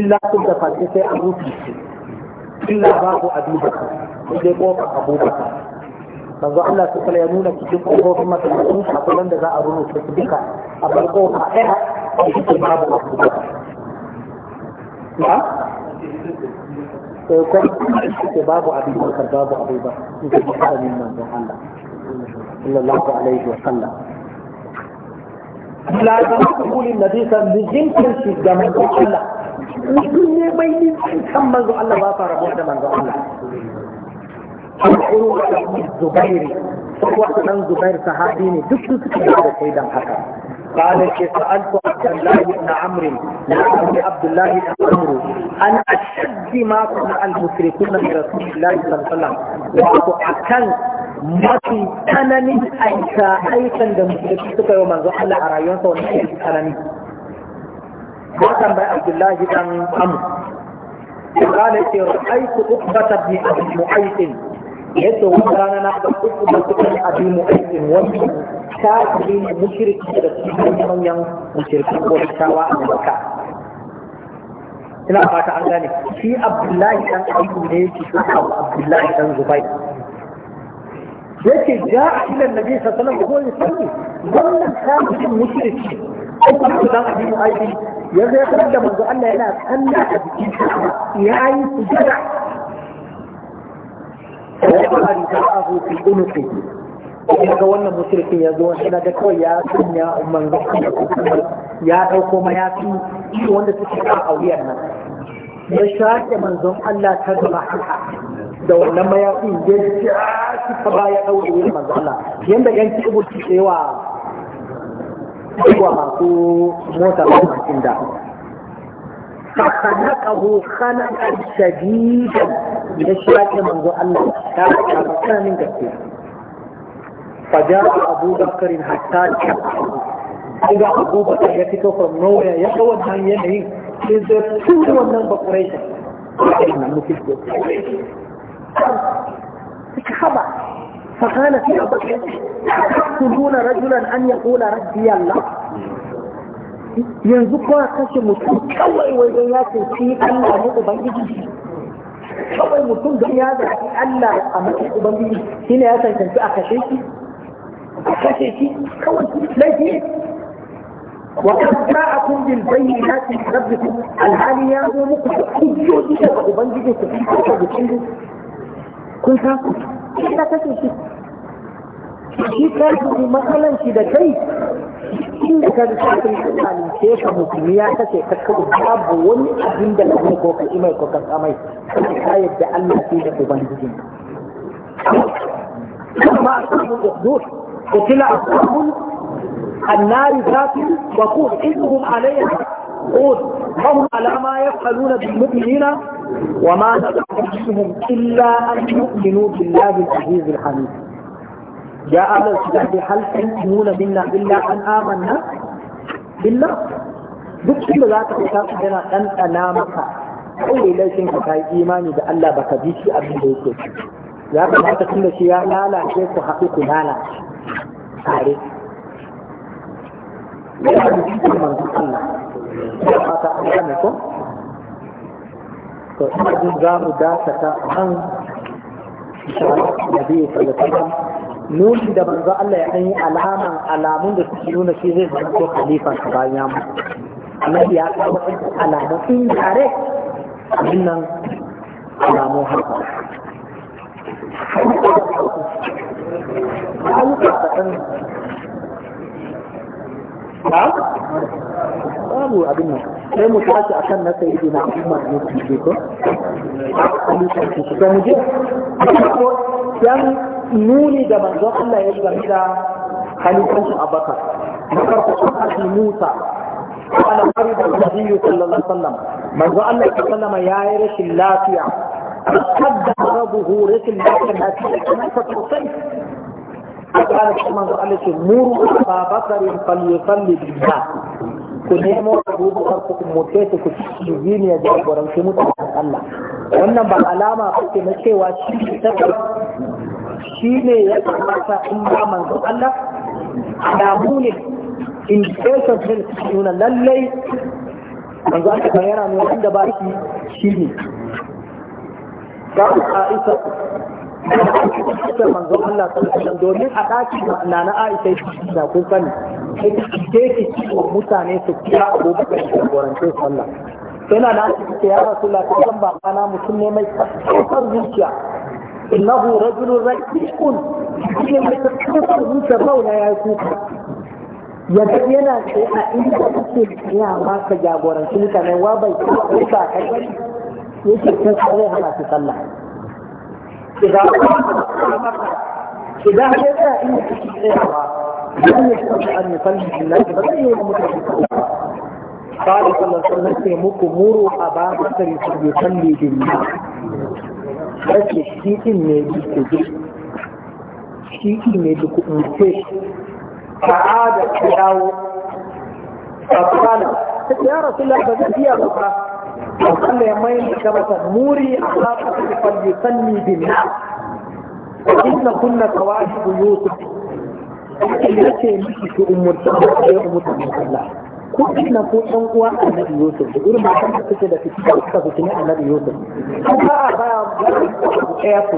illa kun da fasai sai a rufe shi illa babu abubakar sai kofar abubakar manzo Allah su kala ya nuna cikin kofofin masallaci akwai wanda za a rubuta su duka a bar kofa ɗaya a cikin babu abubakar na sai eh, kofar ke babu abubakar babu abubakar in ka ji karamin manzo Allah sallallahu alaihi wa sallam لا تقول النبي صلى الله عليه وسلم بجنس الجمال الله mutum ne bai nisan kan manzo Allah ba fara rabuwa Allah an kuru da zubairi kuma su dan zubair sahabi ne duk su suke da kai dan haka qala ke sa'altu abdullahi ibn amr ya ummi abdullahi ibn amr an ashaddi ma kana al mushrikuna bi rasulillahi sallallahu alaihi wasallam wa akan mafi tsanani a isa aikin da musulmi suka yi manzo Allah a rayuwarsa wani ke tsanani. Ko tambayi Abdullahi dan Amu. Ya kala ce, Aiku Ukbata bi Abu Mu'aikin, yadda wata rana na ga uku da yi abin mu'aikin wani ta ne mushirki da cikin manyan mushirki ko tawa a maka ina fata an gane shi abdullahi dan abu ne yake shi abdullahi dan zubai yake ja a nabi na alaihi wasallam ko yasalli wannan kafirin mushirki ko dan abin mu'aikin yanzu ya da manzo Allah yana tsalla a jikin ya yi sujada ووضع رداءه في عنقه daga wannan musulkin ya zo shi da kawai ya sanya manzo ya dauko mayafi wanda suke a auriyar nan ya shaƙe manzon Allah ta zama haka da wannan mayafin ya shaƙi ta baya ɗaure wurin manzon Allah yadda yan kibu ke tsewa masu mota masu da فخلقه خلقا شديدا من يشاك منذ الله تعالى كان من كثير فجاء أبو بكر حتى إذا أبو بكر يكتب from nowhere يقوى عن يمين is the true one number operation خبر فقال في أبو بكر تقتلون رجلا أن يقول ربي الله yanzu kuma kashe mutum kawai wajen ya ce shi Allah ne shi, kawai mutum don ya zafi Allah a matsayin Ubangiji shi ne ya cancanci a kashe shi a kashe shi kawai laifi wa ta a kungin bayyana ya ce rabbi ku ya zo muku da kujoji daga Ubangiji ku fi kusa da kundin kun san ku shi ta kashe shi في كانت مثلا كيف ممكن يا اخي تكتب كتاب وين ابن ده ابن كوك اما كوك اما هاي ده الله فيه ده بن جين ما دور وكلا اصحاب النار ذات وقود انهم عليها قول هم على ما يفعلون بالمؤمنين وما نفعل بهم الا ان يؤمنوا بالله العزيز الحميد ya alal kitabi hal tanqimuna minna illa an amanna billah duk inda za ka fita su yana ɗanɗana maka kawai laifin ka yi imani da Allah baka bi shi abin da yake ya kamata tun da shi ya lalace ku haɗu ku lalace tare ya da cikin manzo Allah ya fata an gane ko to ina jin za mu dakata an insha Allah biyu sallallahu alaihi wasallam nuni da manzo Allah ya dan yi alaman alamun da suke nuna shi zai zama ko khalifa ka bayan ya annabi ya alamun in tare abin nan alamun haka babu abin nan sai mu tashi a kan na na ne su ko? nuni da manzon Allah ya game da halittun Abubakar na farko shi Musa ala mari da Nabi sallallahu alaihi wasallam manzon Allah ya sallama yayi rashin lafiya hadda rabuhu rashin lafiya na cikin sosai قال كما قال مر أبا بكر فليصلي بالناس كنيمو أبو بكر كموتيت كتشيزين يا جاب ورمشي متعلم الله wannan ba alama ce na cewa shi ta shi ne ya kamata in ba manzo Allah alamu ne in kesa sun nuna lallai manzo Allah kan yana nuna inda ba shi shi ne ga Aisha ta manzo Allah sallallahu domin a daki na na Aisha da kun sani sai ke ki ko mutane su kira abubakar da gorance sallah sai na na Aisha ya rasu Allah kan ba kana mutum ne mai tsakar zuciya انه رجل رئيس في المتقصص من سرون يا يسوك يتبين أن إن تبصر يا ماك جابورا شنك من وابي كيف يشكل عليها ما تصلى إذا إذا كذا إن تبصر لا يستطيع أن يصلي في الله بغير المتقصص قال صلى الله rashin shi ne bi ku bi shi ne bi ku umce ta'ada ta dawo kwana ta ya rasu ba zai biya ba ba ya mayan da kamata muri a haka ta falli sanni bi na inna kunna kawashi yusuf yake miki su umurta Allah ko ina ko ɗan uwa annabi yusuf da irin ba kan suke da da suka fitina annabi yusuf ko ba a baya abu ɗaya ku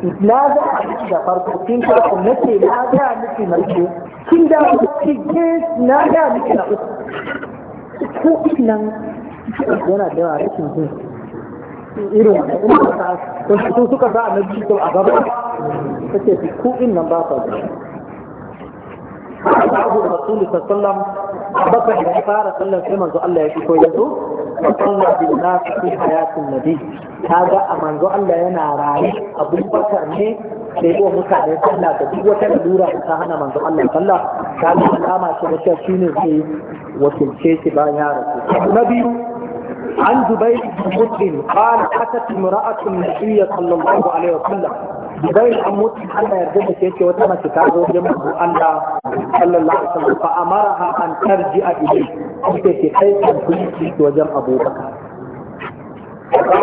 yi na za a miki da farko tun ka ku na za a miki marke kin da ku ke na za a miki na uku ko ina yana da yawa rikin jin irin wani kuma suka sa annabi yusuf a gaba kace ku in ba sa da Allahu Rasul sallallahu Abubakar ya fara sallar sai manzo Allah ya fito ya zo wa sallar bil nas fi hayatin nabi kaga a manzo Allah yana rayu Abubakar ne sai yi wa mutane sallah da duk wata lura da ta hana manzo Allah sallah kaga alama ce da cewa shine zai wakilce shi bayan ya rasu na biyu عن زبير بن مسلم قال اتت امراه النبي صلى الله عليه Zubair an mutu Allah yarda da yake wata mace ta zo wajen manzo Allah sallallahu alaihi wasallam fa amaraha an tarji'a ilayhi ita ce kai kan kunci wajen Abu Bakar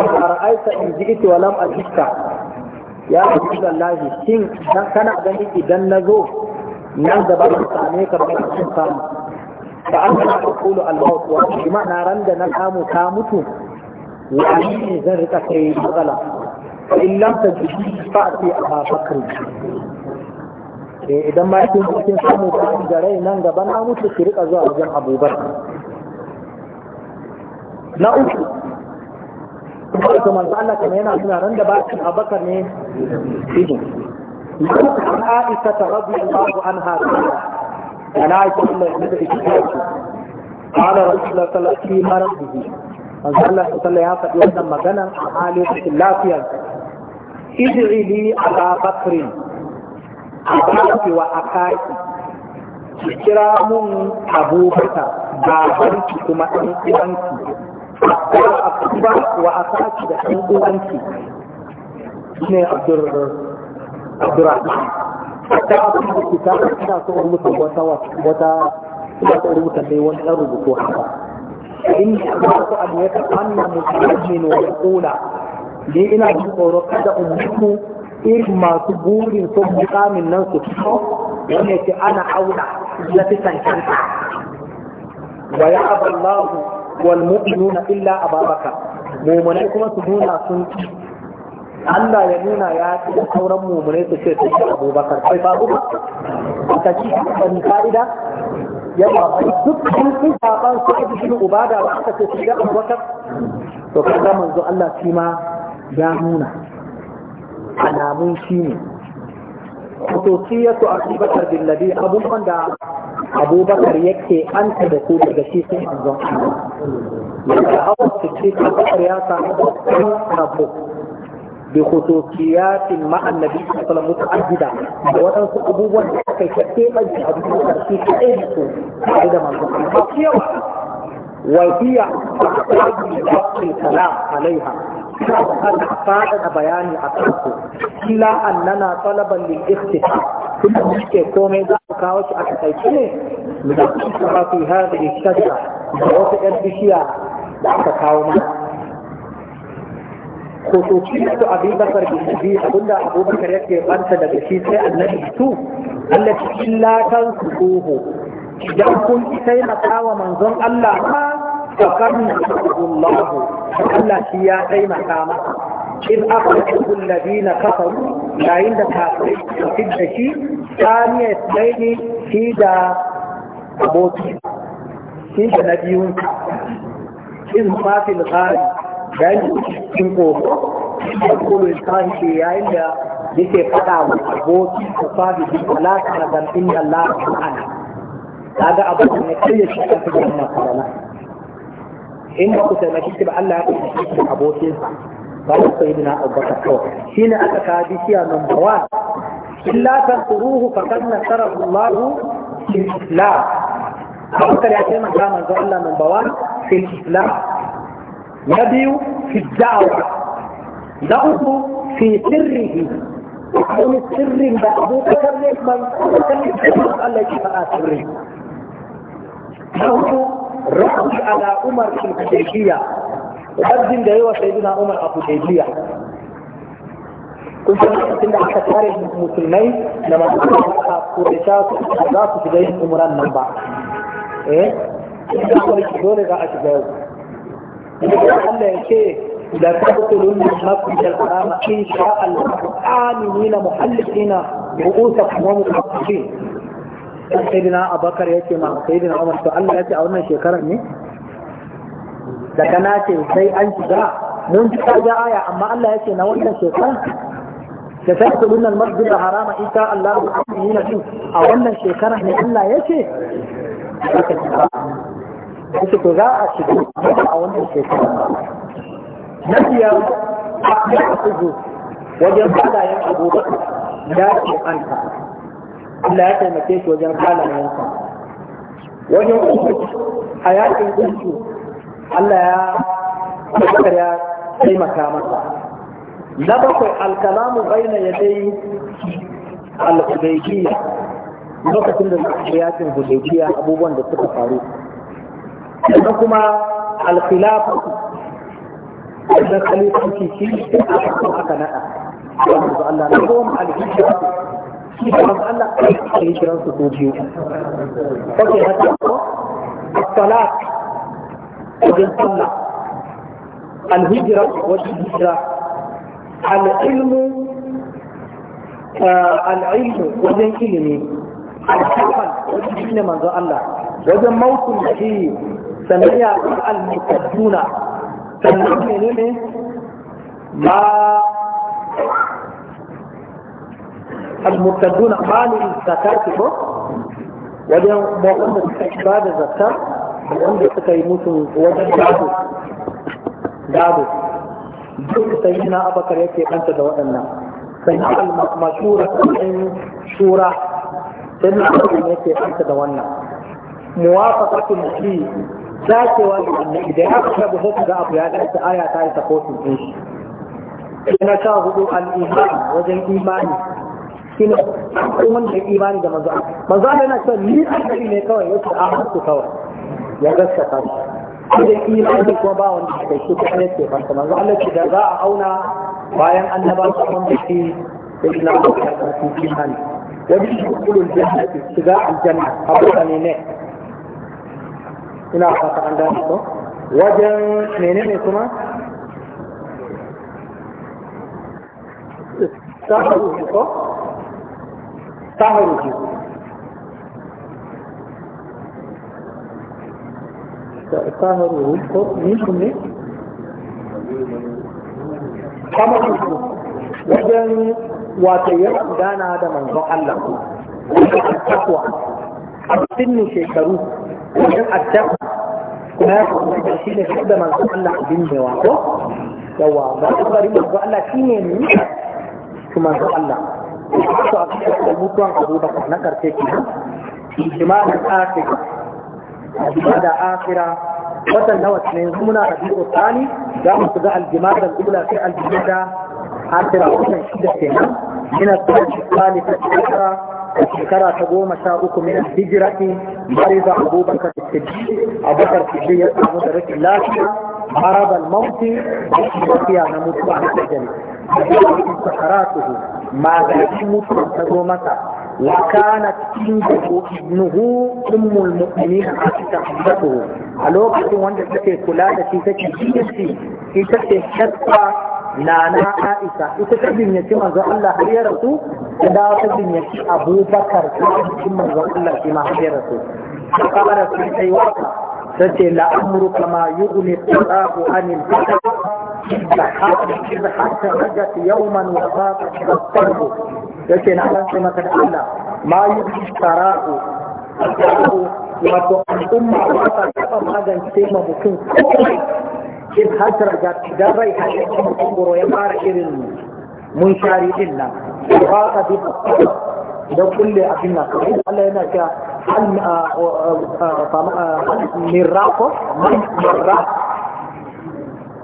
ara'aita in ji'ti wa lam ajidka ya Rasulullah shin dan kana gani idan nazo? nan da ba ka same ka ba ka samu fa an ta qulu al-maut wa bima na ran da na samu ta mutu wa ni zan rika kai matsala in lam tajidi fa'ti aba bakr eh idan ma kin cikin samu kuɗi da rai nan gaba na mutu ki rika zuwa wajen abubakar na uku kuma da manzo Allah kamar yana suna ran da bakin abubakar ne ido Aisha ta rabbi Allahu anha ana Aisha Allah ya da ikhlasi قال رسول الله صلى الله عليه وسلم في مرضه manzo Allah sallallahu ya faɗi wannan magana a halin lafiyarsa idrili aba bakrin wa aka ki kira mun abubakar babanki kuma ɗan uwanki wa akuba wa akaki da ɗan uwanki ne abdurrahman ta abin da ta tafi ina so rubuta wata wata ina so rubuta dai wani ɗan haka in ta ni ina jin tsoro kada in mutu irin masu burin ko mukamin nan su fito wanda ke ana auna na fi cancanta wa ya aballahu wal mu'minuna illa ababaka mumunai kuma su nuna sun Allah ya nuna ya ci da sauran mumunai su ce su ci abubakar kai babu ba ka ci ban fa'ida yawa dukkan su saban su ibnu ubada ba aka ce su ga abubakar to kaga manzo Allah shi ma ya nuna alamun shi ne kutosiyatu abubakar billabi abubuwan da abubakar yake an da ko daga shi sun manzon Allah yadda hawa su ce abubakar ya samu kuma rabo bi khususiyatin ma annabi sallallahu alaihi wasallam mutaaddida da waɗansu abubuwan da aka kace bai abubakar shi kai da su tare da manzon Allah wa hiya ta'aqqu bi kalam alaiha ina buƙatar faɗaɗa bayani a kanku kila annana talaban lil ikhtifa kuma muke komai za ku kawo shi a takaice ne da kuma fi hadhihi shajara da wata ƴar bishiya da aka kawo mana Abubakar yake banta daga shi, sai بكر يكفي أنت دبشيت النبي تو التي إلا تنصفوه إذا كنت سيما تاوى منظر الله ما فقنعه الله فقال يا قيمة كاما إذ أخرجه الذين كفروا لا عند كافرين في الدشي ثاني اثنين في دا أبوتي في دا نبيون إذ ما في الغالي dan cikin koko da kulu insahi yayin da yake fada wa aboki ko sabi bi alaka da inna Allah ta'ala kaga abu ne kai shi in ba ku taimake shi ba Allah ya taimake shi abokinsa ba ku sai dina abubakar kawai shine aka kawo bishiya number one illa tansuruhu faqad nasarahu Allah fil islam abubakar ya taimaka manzo Allah number one fil islam na biyu fi da'wa na uku fi sirrihi wani sirrin da abubakar ne man Allah ya faɗa sirri na uku rabbi ala umar fil hudaybiya rabbin da yawa sayyidina umar a hudaybiya kun san lokacin da aka tare musulmai da masu a kuraisha za su shiga yin umran nan ba eh ina da dole za a shiga yau Allah ya ce لا تدخلن المسجد الحرام ان شاء الله امنين محلقين رؤوسكم ومقصرين kan sai abakar ya ce ma sai dina umar to Allah ya ce a wannan shekarar ne da kana ce sai an shiga mun ji ta aya amma Allah ya ce na wannan shekarar da sai ku lunan masjid harama ita Allah ya yi na su a wannan shekarar ne Allah ya ce Wasu to za a shiga a wannan shekarar. Na Nafiya a kuma wajen fadayen abubakar ya ce an ta. Allah ya taimake shi wajen kala halayensa wajen uku a yakin uku Allah ya bakar ya taimaka masa na bakwai alkalamu baina ya dai al-hudaybiyya lokacin da suka yakin hudaybiyya abubuwan da suka faru sannan kuma al-khilaf da khalifanci shi aka aka nada Allah na goma al-hijra Allah ya yi kiran su ilimi Allah ma al-murtaduna malu zakati ko wajen wanda suka ba da zakka wanda suka yi musu wajen gado gado duk sai na abakar yake kanta da waɗannan sai na al-mashura in shura sai na da wannan muwafaqatul fi dacewa da annabi da da abu ya dace aya ta yi sakotin din shi na sha hudu al wajen imani shi ne akwai wanda ya imani da manzo manzo Allah yana cewa ni annabi ne kawai yake a hasu kawai ya gaskata shi da imani kuma ba wanda ya shi ko ne ke fanta manzo Allah ce da za a auna bayan annaba ko wanda shi da Islam da shi imani Ya bi kulul jannah shiga aljanna abuka ne ne ina fata an gane ko wajen menene kuma ta ko طهروا فيه طهروا وذكر منكم ليه؟ طهروا فيه wajen watayyar gana da manzon Allah takwa a sinnin shekaru wajen addafa kuma ya kuma shi ne shi da manzon Allah abin da wato yawa ba su bari manzon Allah shi ne ne su manzon Allah wato a cikin da mutuwan abubakar na karshe kenan ijimalin afirka da afira watan nawa ne yanzu muna da biyu tsani za mu shiga aljimada gula sai aljimada afira watan shida kenan ina tsani ta shekara shekara ta goma sha uku min hijirati mariza abubakar abubakar siddiq ya samu da rashin lafiya مرض الموت وفي نموت عن الجنة سكراته ma ga shi mutum ta zo masa wa kana cikin da ko ibnuhu ummul mu'minin a cikin a lokacin wanda take kula da shi take jiyarci shi take shakka na aisa, ita ta binyaci manzo Allah har ya rasu ta dawo ta Abubakar ta binyaci manzo Allah shi ma har ya rasu ta kamar da su تتي لعمرك ما يغني التراب عن الفتى إذا حتى رجت يوما وفاق الضرب تتي نعلم كما تتعلم ما يغني التراب wato al'umma ba ta taɓa magance ma mutum kowai in da ga idan rai hasar mutum ya fara irin mun shari din nan ba ka bi don kulle abin na Allah yana cewa hal mirraqo mirraq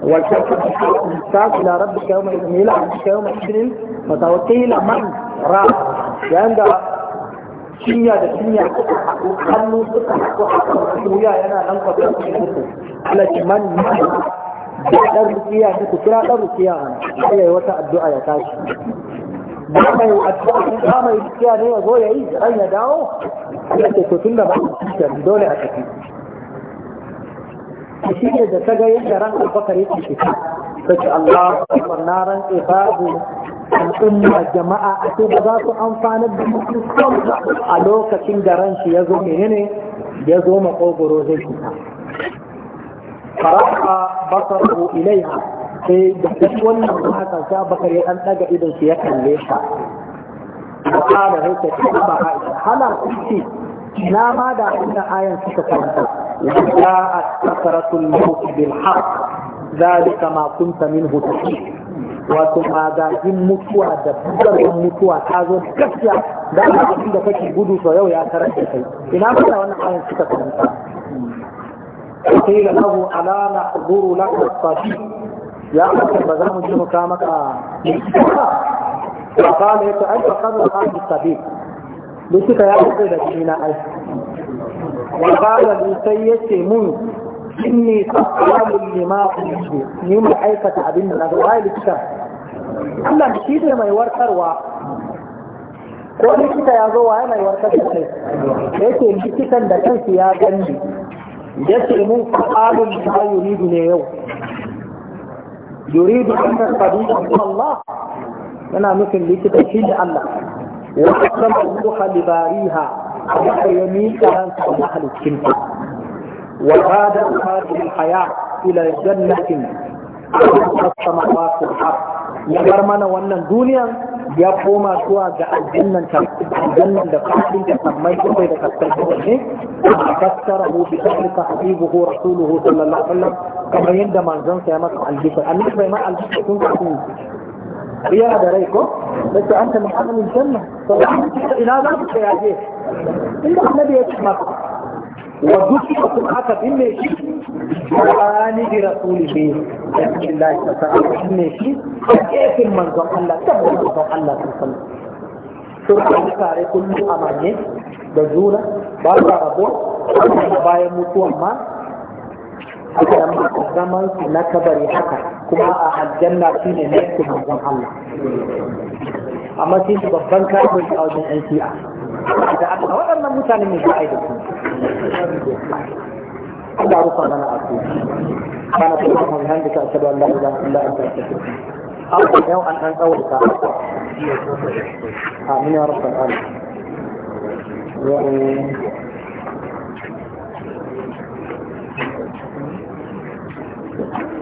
wal shakku isaq ila rabbika yawma idhin ila rabbika yawma idhin matawakkila man ra yanda cinya da cinya hannu suka haɗu a wuya yana nan kwatar da mutu alaji man da ɗan rukiya ne ku kira ɗan rukiya a nan sai wata addu'a ya tashi ba mai ba mai gaskiya ne ya zo ya yi ran ya dawo ya ce to tun da ba dole a tafi shi ne da ta ga yadda ran albakar yake fita ta ce Allah na ran ibadu al'umma jama'a a ce ba za su amfana da mutum a lokacin da ran shi ya zo menene ya zo makogoro zai fita. basar ku ilaiha sai da duk wannan haka sa bakar ya dan daga idon shi ya kalle shi qala hayta ba aisha hala kunti na ma da inda ayan suka karanta ya asakaratul maut bil haqq zalika ma kunta minhu tahid wato magajin mutuwa da bugarwar mutuwa ta zo gaskiya da abin da kake gudu to yau ya tarar da kai ina mana wannan ayan suka karanta قيل له ألا نحضر لك الصديق ya kuma ba za mu ji mu ka maka ba ba ne ta ai fa kan ha ki tabi likita ya ce da jini na ai wa qala li sai yace mun inni sa'alu lima kuntu ni mu aikata abin da na ga wai likita Allah shi ne mai warkarwa ko likita ya zo waye mai warkar da kai yake likitan da kansa ya gani ce mun fa'alu lima yuridu ne yau yuridu an tasadiqa Allah yana nufin likita shi da Allah wa tasama ruha li bariha da ya miƙa ransa da mahalicin ta wa bada hadhihi haya ila jannatin tasama wa ya bar mana wannan duniyan ya koma zuwa ga aljannan ta aljannan da kafin da sammai bakwai da kaskarfi wace a kaskara hu bi kafirka habibuhu rasuluhu sallallahu alaihi wasallam kamar yadda manzon sa ya masa albishir annabi bai ma albishir kun kafin yana da rai ko sai an ta amalin janna sallallahu alaihi wasallam ina za ku ya je inda annabi ya ce maka wa dukiya kuma aka binne shi wani bi rasulihi ya cikin lafi ta sa'a binne shi a kefin manzon Allah tabbata manzon Allah sun san sun kai tare kullum a manne da juna ba sa rabo bayan mutuwan ma haka nan zaman su na kabari haka kuma a aljanna shi ne na manzon Allah amma shi babban kafin a wajen 'yan shi'a da Allah waɗannan mutanen ne za a yi da su da rufa mana a su kana su kuma mai hanzu ka shaɗu Allah ila Allah an tafi Allah yau an an tsawaita amin ya rabbal alamin Thank you.